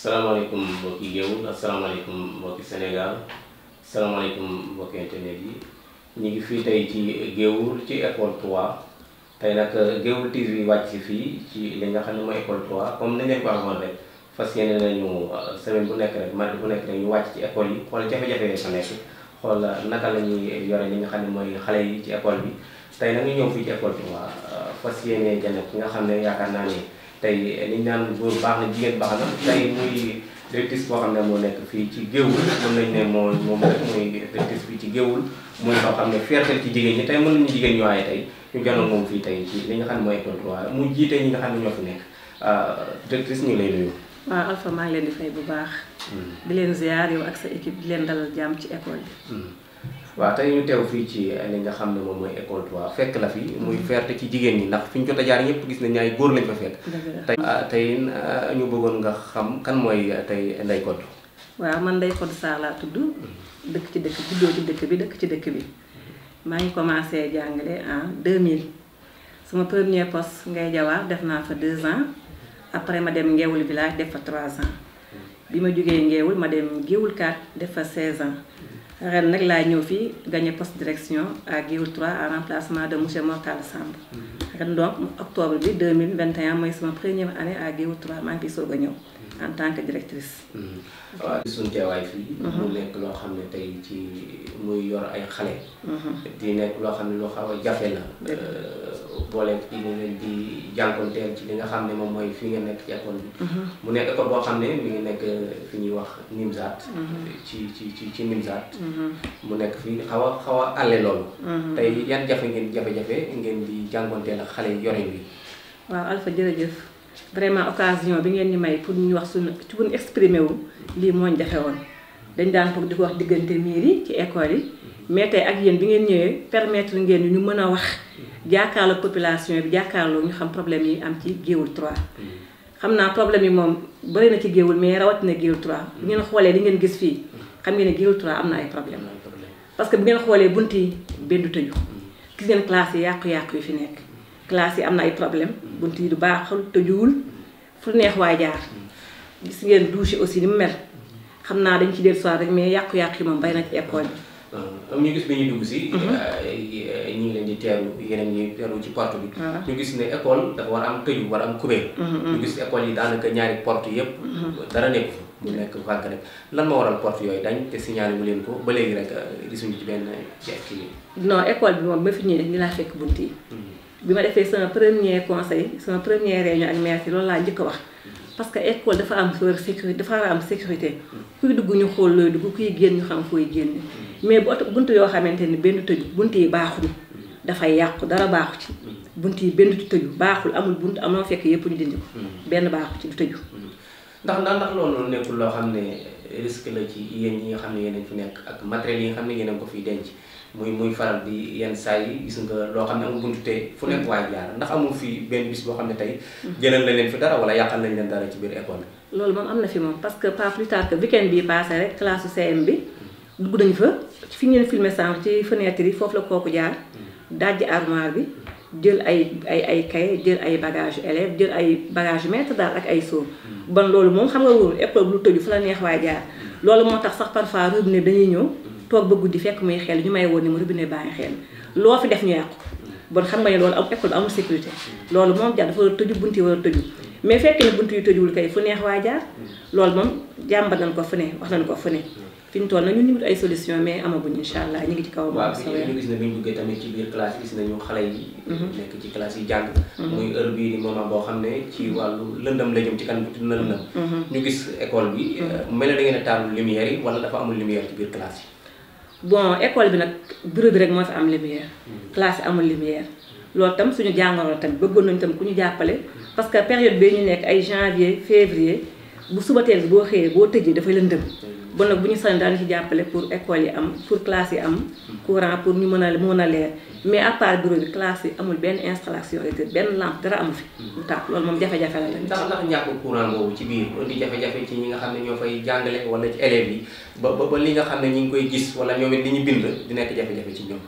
salaamaaleykum mbokki Géoul asalaamaaleykum mbokki Sénégal salaamaaleykum mbokki internet yi ñu ngi fii tey ci Géoul ci école 3 tey nag euh, Géoul TV wàcc fii ci li nga xam ne mooy école 3 comme ni ngeen ko waxoon rek fas yéene nañu euh, semaine bu nekk rek mardi bu nekk rek ñu wàcc ci école yi xool jafe-jafe yi fa nekk xool euh, naka la ñuy yore li nga xam ne mooy xale yi ci école bi tey nag ñu ñëw fii ci école 3 fas yéene jane ki nga xam ne yaakaar naa ni. tey liñ naan góor baax na jigéen baax na tey muy directrice boo xam ne moo nekk fii ci géewul mën ne moo moom rek ci géewul muy loo xam ne fierté ci jigéen ñi tey mën nañu jigéen ñu waaye tey ñu janoon moom fii tey ci li nga xam ne mooy école droit mu jiite ñi nga xam ne ñoo fi nekk euh, directrice ñu ngi lay waaw Alpha leen di fay bu baax hmm. di leen ziar yow ak sa équipe di leen dalal jàmm ci école bi hmm. wa tay ñu tew fi ci eh, li nga xamne mom moy école toi fekk la fi muy mm-hmm. ferte ci jigen ni ndax fiñ ko ta jaar ñepp gis na ñay goor lañ fa fekk tay ah, tay ah, ñu bëggoon nga xam kan moy eh, tay Ndeye Codou wa man Ndeye Codou sa la tuddu mm-hmm. dekk ci dëkk juddoo ci dekk bi dekk ci dekk bi mm-hmm. ma ngi commencé jàngale en 2000 sama premier poste ngay jawa def na fa 2 ans après ma dem ngeewul village def fa 3 ans bima ma jógee ma dem géewul 4 def fa 16 ans ren nak la ñëw fi gagné poste direction à Guéoul 3 en remplacement de monsieur Mortal Samb mhm. ren donc octobre bi 2021 mooy sama première année à Guéoul 3 maa ngi fi ñëw en tant que directrice. Mm-hmm. waaw suñu teewaay fii. Mm-hmm. mu nekk loo xam ne tey ci muy yor ay xale. Mm-hmm. di nekk loo xam ne loo xaw a jafe la. Euh, boole ci ñu leen di jànkonteel ci li nga xam ne moom mooy fi nga nekk ci bi. mu nekk école boo xam ne mi ngi nekk euh, fi ñuy wax Nimzaat. ci ci ci ci mu nekk fi xaw xaw a àlle loolu. tey yan jafe ngeen jafe-jafe ngeen di jànkonteel ak xale yore bi. waaw Alpha jërëjëf. vraiment occasion bi ngeen ñu may pour ñu wax suñu pour ñu exprimer wu lii moo jafe woon dañ daan pour di ko wax diggante miir yi ci école yi mais tey ak yéen bi ngeen ñëwee permettre ngeen ñu mën a wax jàkkaarloo population bi jàkkaarloo ñu xam problème yi am ci Géoul 3 xam naa problème yi moom bëri na ci Géoul mais rawatina Géoul 3 bu ngeen xoolee li ngeen gis fii xam ngeen ne Géoul am na ay problème parce que bu ngeen xoolee bunt yi benn du tëju gis ngeen classe yi yàqu fi nekk classe yi am na ay problème bunt yi du baaxul tëjuwul fu neex waay jaar gis ngeen douche aussi ni mu mel xam naa dañ ci dellu soir rek mais yàqu-yàqu yi moom bay na ci école bi ah, ñu gis bi ñuy dugg si mhm. ah, ñu ngi leen ñi teeru ci ah. ñu gis ne école dafa a am tëju war a am kubéer mhm, mhm. ñu gis yi daanaka ñaari porte yépp dara nekk nekk vàgg rek lan moo waral porte yooyu dañ te leen ko ba léegi rek gisuñu ci benn ci kii non bi moom ba fi ñuy def fekk bunt yi bi ma defee sama premier conseil sama première réunion ak maire si loolu laa njëkk a wax parce que école dafa am sécurité dafa war am sécurité kuy dugg ñu xool looy dugg kuy génn ñu xam fooy génn mais bu oto bunt yoo xamante ni benn tëju bunt yi baaxul dafay yàqu dara baaxu ci bunt yi benn du tëju baaxul amul bunt amoo fekk yëpp ñu dindi ko benn baaxu ci du tëju ndax ndax ndax loolu nekkul loo xam ne risque la ci yéen ñi nga xam ne yéen fi nekk ak matériel yi nga xam ne yéen ko fiy denc muy muy faral bi yenn saa yi gis nga loo xam ne amul bunt tey fu nekk waay jaar ndax amul fii benn bis boo xam ne tey mhm. jëlal na leen fi dara wala yàqal nañ leen dara ci biir école bi loolu moom am na fi moom parce que pas plus tard que weekend bii passé rek classe CM bi mhm. dugg nañu fa fi ngeen filmé sànq ci fenêtre yi foofu la kooku jaar mhm. dajji armoire bi jël ay ay ay kay jël ay bagage élève jël ay bagage maître daal ak ay sóom ban loolu moom xam nga wóorul école bu lu tëju la neex waay jaar loolu moo tax sax parfois rëbb ne dañuy ñëw toog ba guddi fekk muy xel ñu may woon ni mu robinet baa ngi xel loo fi def ñu yàqu bon xam nga ne loolu am école amul sécurité loolu moom jaar dafa war a bunt yi war a tëju mais fekk neex waa jaar loolu moom jàmbat nañ ko fu ko fu ne fi ñu toll na ñun mais amaguñ incha allah ngi ci kaw. waaw ñu gis ne bi ñu duggee tamit ci biir classe gis nañu xale yi. Mhm. yi jàng. Mhm. muy la jëm ci mhm. amul lumière ci biir classe yi. bon école bi nak bureau bi rek moo fa am lumière hmm. classe amul lumière loolu tam suñu jàngoro tamit bëggoon nañu tam ku ñu jàppale parce que période bi ñu nekk ay janvier février bu suba teel boo xëyee boo tëjee dafay lëndëm bon nak buñu sañ daan ci jàppale pour école yi am pour classe yi am courant pour ñu mëna a mën mais à part bureau bi classe yi amul ben installation électrique ben lampe dara amu fi bu tax loolu mom jafe-jafe la la ndax ndax ñàkk courant boobu ci biir indi jafe-jafe ci ñi nga xamné ne ñoo fay jàngale wala ci élève yi ba ba li nga xamné ñi ngi koy gis wala ñoom it li ñu bind di nekk jafe-jafe ci ñoom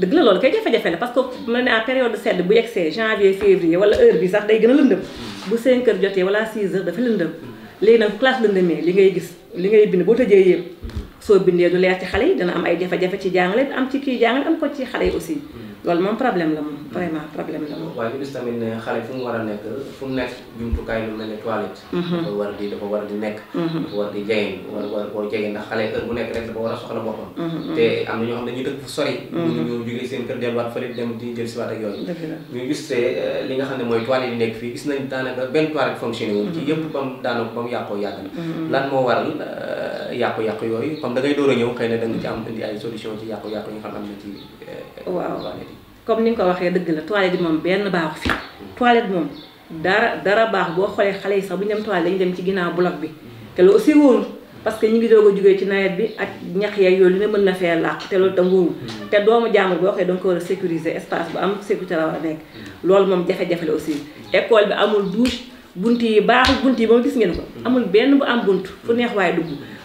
dëgg la loolu kay jafe-jafe la parce que mën ne en période de sedd bu yegsee janvier février wala heure bi sax day gën a lëndëm mm. bu 5 heures jotee wala 6 heures dafa lëndëm léegi nag classe lëndëmee li ngay gis li ngay bind boo tëjee yëpp soo bindee du leer ci xale yi dana am ay jafe-jafe ci jàngale am ci kii jàngale am ko ci xale yi aussi loolu moom problème la moom vraiment hmm. problème la moom. waaye ñu gis tamit ne xale fu mu war a nekk fu mu nekk jumtukaay lu mel ne toilette. Hmm. dafa war di dafa war di nekk. Hmm. dafa war di jege war war koo jege ndax xale heure bu nekk rek a soxla boppam. te am na ñoo xam dañuy dëkk fu sori. ñu ñu jógee seen kër delluwaat fële dem di jël si waat ak yooyu. ñu gis te eh, li nga xam ne mooy toilette yi nekk fii gis nañ daanaka benn toilette fonctionné ci yëpp ba mu daanaka ba mu yàqoo yàgg lan moo waral eh, yàqu-yàqu yooyu comme da door a ñëw xëy na da nga ci am indi ay solution ci yàqu-yàqu yi nga xam am na ci euh, waaw comme ni nga ko waxee dëgg la toilette bi moom benn baaxu fi toilette moom dara baax boo xoolee xale yi sax bu ñu dem toilette dañu dem ci ginnaaw bloc bi te lu aussi wóorul parce que ñu ngi doog a jógee ci nawet bi ak ñax yeeg yooyu li mën na fee làq te loolu tam hmm. te doomu jàmbur boo da nga ko war a sécuriser espace am sécurité a nekk loolu moom jafe aussi école bi amul douche bunt yi baaxul bunt yi moom gis ngeen ko hmm. amul benn bu am bunt fu neex waaye dugg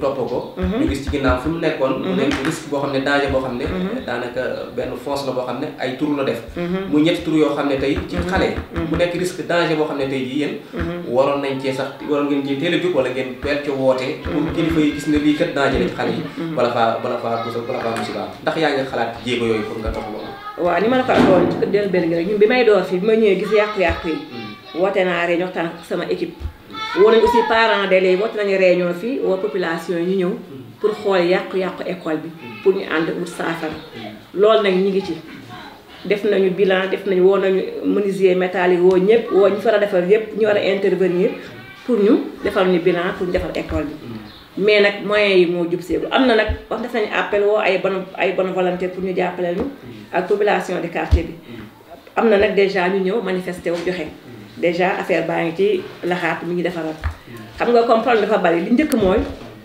topp ko. ñu mhm. gis ci ginnaaw fi mu nekkoon. Mhm. mu nekk risque boo xam ne danger boo xam ne. Mhm. Eh, daanaka la boo xam ne ay tur la def. muy ñetti tur yoo xam ne tey ci xale. mu nekk risque danger boo xam ne tey jii yéen. waroon nañ cee sax waroon ngeen cee teel a ngeen teel ca woote. pour kilifa yi gis ne lii kat danger ci xale yi. bala faa bala faa bës ndax yaa ngi xalaat jéego yooyu pour nga dox loolu. waaw ni ma la ko waxoon ci kër Delbel rek ñun bi may door fii bi ma woo nañu aussi parents d'élèves yi woote nañu réunion fii woo population yi ñu ñëw pour xool yàqu-yàqu école bi pour ñu ànd wut saafara loolu nag ñu ngi ci def nañu bilan def nañu woo nañu menuisier métal yi woo ñëpp woo ñu far a defar yëpp ñu war a intervenir pour ñu defal ñu bilan pour ñu defal école bi mais nag moyens yi moo jub bu am na nag wax def nañu appel woo ay bonne ay bonne volonté pour ñu jàppale ñu ak population de quartier bi am na nag déjà ñu ñëw manifester wu joxe déjà affaire baangi ci la laxaat mi ngi défaral xam nga comme problème dafa bari li njëkk moy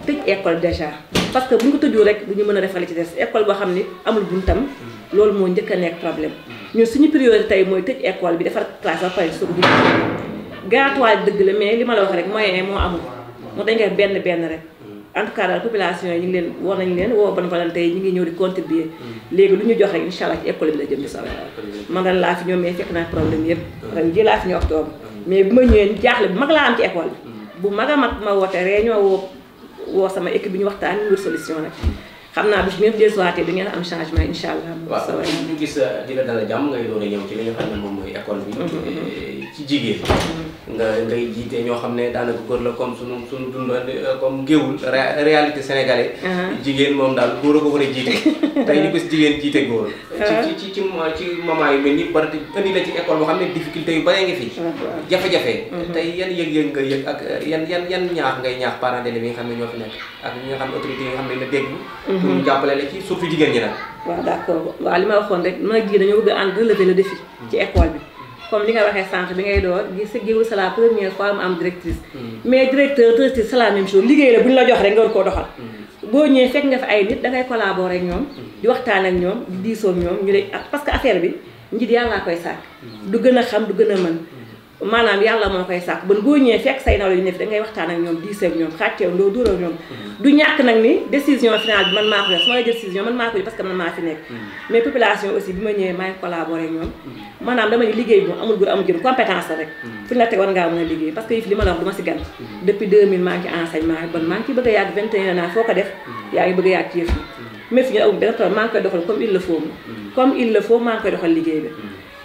tëj école déjà parce que bu ñu ko tëjoo rek du ñu mën ci dess école bo xamni amul buntam lool mo njëkk nek problème ñu suñu priorité moy mooy école bi défar classe ba pare suko bi gaatuwaay dëgg la mais li ma la wax rek moyen mo amul mo dañ koy benn benn rek en tout cas population yi ñu leen war nañu leen woo bonne volonté tey ñu ngi ñëw di contribuer léegi lu ñu jox rek incha allah ci école bi la jëm di sawar man ren laa fi ñëw mais fekk naa problème yëpp mm. ren mm. mais bu ma ñëwee ñu jaaxle bu mag laa am ci école bi mm. bu mag a mag ma woote réunion woo woo sama équipe bi ñu waxtaan ñu solution nag xam naa bis ngeen am changement incha allah. gis euh, dina dala jàmm ngay door a ñëw ci li nga xam ne moom mooy école bi. Mm-hmm, mm-hmm. Eh, ci jigéen. Mm-hmm. nga ngay jiite ñoo xam ne daanaka góor la comme sunu sunu dund comme géewul réalité sénégalais. Uh-huh. jigéen moom daal góor a ko war a jiite. tey ñu ko si jigéen jiite góor. Uh-huh. ci ci ci moment yu mel nii ba indi la ci école boo xam ne difficulté yu bare uh-huh. nga fi. xam ne ñoo fi nekk ak ñi xam ne autorités yi nga xam ne la ñu jàppale la ci surtout jigéen ñi nag. waaw d'accord waaw li ma waxoon rek maa jigéen dañoo bëgg a ànd relever le défi. ci mm. école bi. comme li nga waxee sànq bi ngay door gi si giwul c'est première fois am directrice mm. mais directeur directrice c'est la même chose liggéey la bu ñu la jox rek nga war koo doxal mm. boo ñëwee fekk nga fi ay nit dangay collaborer ak ñoom mm. di waxtaan ak ñoom di diisoo ak ñoom ñu de ah, parce que affaire bi njiit yàllaa koy sàkk du gën a xam du gën a mën manam yalla mo koy sax bon boo fek fekk say nawle ñu def da ngay waxtaan ak ñom diisee ak ñoom xàcceew ndoo dóor ak mm-hmm. du ñak nak ni décision finale man ma xé sama décision man ma ko parce que man ma fi nek mm-hmm. mais population aussi bima ma may collaborer ngi collaboré ñoom mm-hmm. maanaam dama liggéey bu amul góor amul jëm compétence la rek fu la teg war ngaa mën liggéey parce que yëf li ma la wax duma ma si gan depuis 2000 ma ngi ci enseignement bon ma ngi bëgg a 21 ans foko def yaa ngi bëgg a ci yëf mais fi ñu am benn problème ngi koy doxal comme il le faut comme il le faut maa ngi koy doxal liggéey bi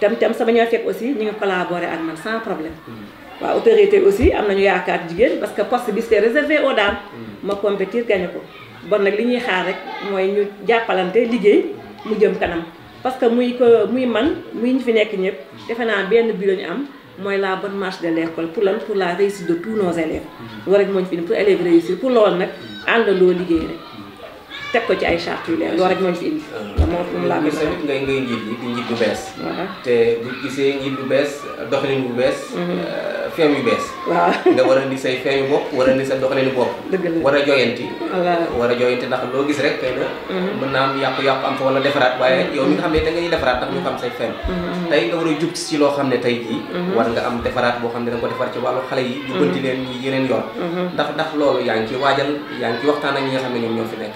tam tam sama ñooy fekk aussi ñu ngi collaborer ak man sans problème mm. waaw autorité aussi am nañu yaakaar jigéen parce que poste bi c'est réservé aux dames mm. ma compétir gagné ko bon nag li ñuy xaar rek mooy ñu jàppalante liggéey mu jëm kanam parce que muy ko muy man muy ñu fi nekk ñëpp defe naa benn bi ñu am mooy la bonne marche de l'école pour lan pour la réussite de tous nos élèves war mm. rek moo ñu fi ne pour élèves réussir pour loolu nag àndandoo liggéey rek tek ko ci ay charte yu leer loolu rek moo fi indi. moom moom laa bëgg tamit ngay ngay njiit yi di njiit bu bees. te bu gisee njiit bu bees doxalin bu bees. feem yu bees. waaw nga war a indi say feem yu bopp war a indi sa doxalinu bopp. dëgg la war a joyanti. war a joyanti ndax loo gis rek xëy na. mën naa am yàqu-yàqu am fa wala defaraat waaye yow mi nga xam ne da ngay defaraat ndax ñu xam say feem. tey nga war a jub ci loo xam ne tey jii. war nga am defaraat boo xam ne da nga ko defar ci wàllu xale yi. jubbanti leen ñi yeneen yoon. ndax ndax loolu yaa ngi ci waajal yaa ngi ci waxtaan ak ñi nga xam ne ñoom ñoo fi nekk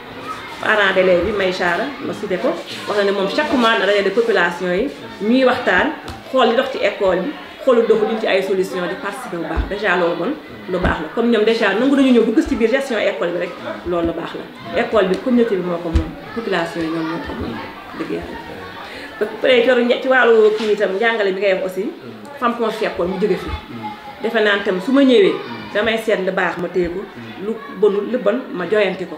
parents d'élèves bi may Chara ma cité ko wax na ne moom chaque mois na dajale population yi ñuy waxtaan xool li dox ci école bi xoolu doxu duñ ci ay solution di participer bu baax déjà loolu bon lu baax la comme ñoom déjà nangu nañu ñëw bu gis ci biir gestion école bi rek loolu lu baax la école bi communauté bi moo ko moom population yi ñoom moo ko moom dëgg yàlla ba pare coro kii itam njàngale bi ngay wax aussi femme confiée école mu jóge fi defe naan itam su ma ñëwee damay seet lu baax ma téye lu bonul lu bon ma joyante ko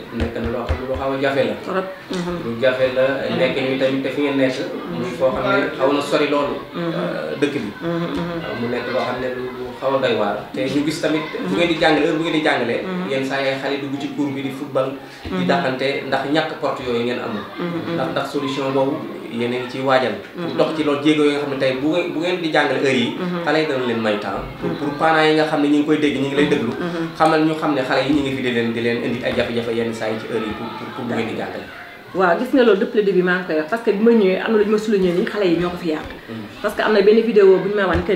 nekk na loo xam ne lu xaw a jafe la. Mhm. lu jafe la nekk ñu tamit te fi ngeen nekk. Mhm. muy foo xam ne xaw na sori loolu. Mhm. Euh, dëkk bi. Euh, mu nekk loo xam ne lu xaw a doy waar te ñu gis tamit. bu ngeen di jàngale heure bu ngeen di jàngalee. yenn saa yi xale dugg ci cour bi di football. di dàqante ndax ñàkk porte yooyu ngeen amul. ndax ndax solution boobu. yéen a ngi waajal. Mm-hmm. pour ci loolu jéego yi nga xam ne tey bu ngeen bu ngeen di jàngale heure yi. Mm-hmm. xale yi dana leen may temps. pour mm-hmm. pour yi nga xam ne ñu ngi koy dégg ñu ngi lay déglu. xamal ñu xam ne xale yi ñu ngi fi di leen di leen indi ay jafe-jafe yenn saa yi ci heure yi pour pour bu ngeen di jàngale. waaw gis nga loolu depuis le début maa ngi koy wax que bi ma ñëwee am na lu ñu ma souligné nii xale yi ñoo ko fi yàq. parce que am na benn vidéo bu ñu ma wan que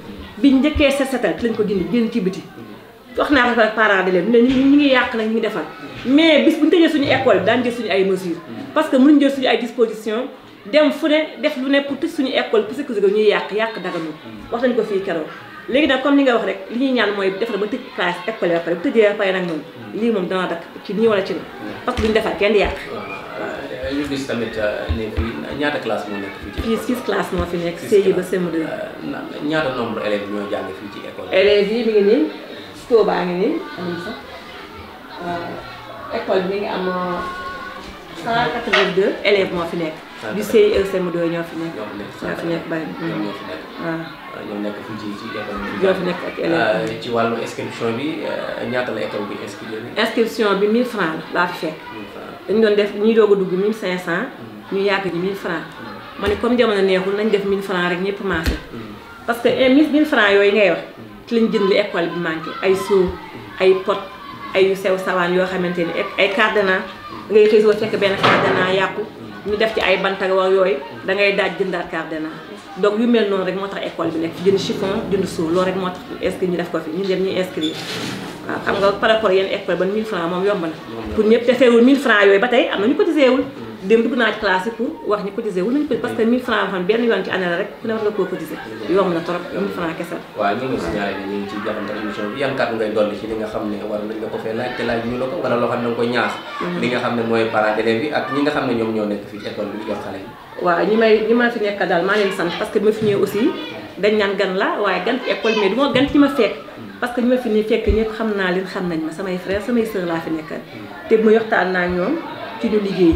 biñ njëkkee set setal lañ ko dindi génn ci biti wax naa ko ak parents di leen ne ñu ñu ngi yàq nag ñu ngi defal mais bis bu ñu tëjee suñu école bi daan jël suñu ay mesures parce que mënuñ jël suñu ay disposition dem fu ne def lu ne pour tëj suñu école pour sécuriser ñuy yàq yàq daganul wax nañ ko fii keroo léegi nag comme ni nga wax rek li ñuy ñaan mooy defal ba tëj classe école ba pare bu tëjee ba pare nag moom lii moom dana dakk ci nii wala ci na parce que duñ defal kenn ñu gis tamit euh, ne fii ñaata classe moo nekk fii ci. fii six classes moo fi nekk. CI ba CM2. Euh, ñaata nombre élèves ñoo jàng fii ci école bi. élèves yi mi ngi nii baa ngi nii am euh, sax école bi mi ngi am 182 élèves moo fi nekk. du CILCM doo ñoo fi nekk. ñoo fi nekk bàyyi ñoo fi nekk. Mm. ci ak élèves ah, ci wàllu inscription bi euh, ñaata la école bi inscription bi. inscription francs la laa fi fekk. dañu doon def ñuy doog a dugg cent mm. ñu yàgg ñi 1000 francs mm. ma ne comme jamono neexul nañ def 1000 francs rek ñëpp maase. parce que un eh, francs yooyu ngay wax. ci lañ jënd li école bi manqué ay soo ay pot ay sew sawaan yoo xamante ni ay cadenas ngay xëy soo fekk benn cadenas yàqu. ñu def ci ay bantak war yooyu da ngay daaj jëndaat cardena donc yu mel noonu rek moo tax école bi nekk jënd chiffon jënd sou loolu rek moo tax inscrit ñu def ko fi ñu dem ñuy inscrire waaw xam nga par rapport yenn école ban 1000 francs moom yomb na pour ñëpp te feewul 1000 francs yooyu ba tey am na ñu cotisé wul mm. démb dugg naa ci classe yi pour wax ñu cotiser wu nañu ko parce que 1000 francs xam benn yoon ci année la rek ku ne war nga koo cotiser yomb na trop 1000 francs kese la waaw ñu ngi si ñaare ni ñu ngi ci jaxante émission bi yan kàddu ngay dolli ci li nga xam ne war nañ la ko fee laaj te laaj ñu la ko wala loo xam ne nga koy ñaax mm-hmm. li nga xam ne mooy parents d'élèves bi ak ñi nga xam ne ñoom ñoo nekk fii ci école bi yor xale yi waaw ñi may ñi ma fi nekk daal maa leen sant parce que bi ma fi ñëwee aussi dañ naan gan la waaye gan ci école mais du ma gan ci ma fekk mm-hmm. parce que ñi ma fi ne fekk ñëpp xam naa leen xam nañ ma samay frères samay sœurs laa fi nekkal mm-hmm. te bu ma waxtaan naa ñoom ci ñu liggéey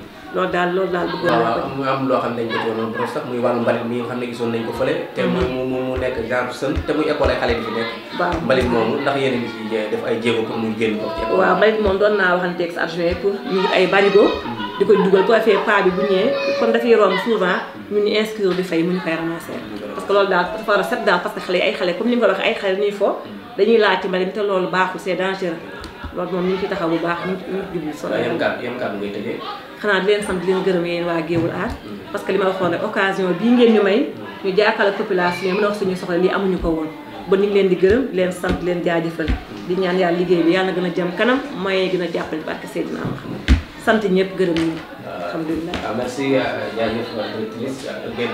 loolu daal loolu daal bëggoon naa ko mu am loo xam ne dañ ko nga gisoon nañ ko fële te mhm. mu mu nekk genre sën te muy école ay xale di fi nekk mbalit a eh, ay jéego pour muy génn ko ci école waaw mbalit moom doon naa waxanteeg sa e pour ñu ngi ay barigo mhm. di koy dugal bu affaire paa bi bu ñëwee comme dafay romb souvent ñun ñu inscrire di fay mu ñu koy ramasser parce que loolu daal dafa a set daal parce que xale yi ay xale comme ni nga ko waxee ay xale ñuy fo mhm. dañuy laati mbalit te loolu baaxul c'est loolu moom ñu ngi ci taxaw bu baax ñu ngi ñu ngi jublu solo yan xanaa leen sant leen gërëm yéen waa Géewul Art mm. parce que li ma waxoon rek occasion bii ngeen ñu may mm. ñu jàkkal ak population mën a wax suñu soxla lii amuñu ko woon ba ñu ngi leen di gërëm leen sant leen jaajëfal mm. di ñaan yaa liggéey bi yàlla na gën a jëm kanam maye gën a jàppale barke Seydina Muhammad sant ñëpp gërëm ñi alhamdulilah waaw ah, merci euh, jaajëf directrice bépp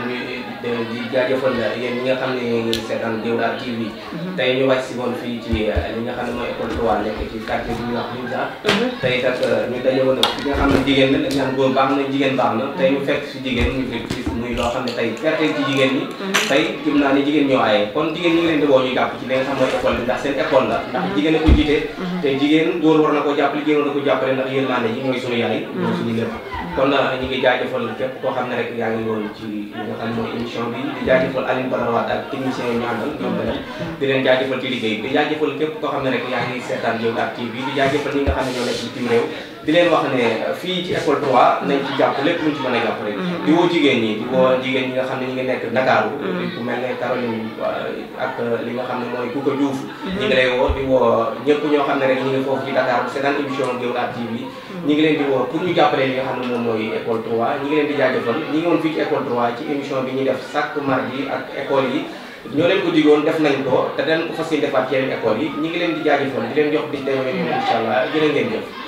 di jaajëfal yéen ñi nga xam ne yéen ngi seetaan Gueoulart TV mhm. tey ñu wàcc si woon fii ci ñi euh, nga xam ne mooy école 3 nekk ci quartier bi ñu wax Nimza mhm. tey kat euh, ñu daje woon fi nga xam ne jigéen la dañ naan góor baax na jigéen baax na tey ñu fekk si jigéen ñu fekk loo xam ne tey perteel ci jigéen ñi mhm. tey jëm naa ne jigéen ñoo aaye kon jigéen ñi ngi leen di woo ñu jàpp ci li nga xam mooy école bi ndax seen école mhm. a mhm. jàppale jigéen ko ah, xam ne rek yaa ngi woon ci li nga xam ne mooy émission bi koo xam ne rek di leen wax ne fii ci école 3 nañ ci jàpp lépp luñ ci mën a jàpp rek mm-hmm. di woo jigéen ñi di woo jigéen ñi nga xam ne ñi nga nekk Ndakaaru mm-hmm. ku mel ne Caroline euh, ak euh, li nga xam ne mooy Kouka Diouf mm-hmm. ñi ngi lay ñoo xam ne rek ñi ngi foofu ci Dakar seetaan leen di woo pour ñu jàppale xam ne moom mooy école 3 ñi ngi leen di jaajëfal ñi ñuy def chaque mardi yi ñoo leen ko digoon def nañ ko te dañ ko fas yéene defaat ci yi ñi ngi leen di jaajëfal di leen jox di dañoo ñoom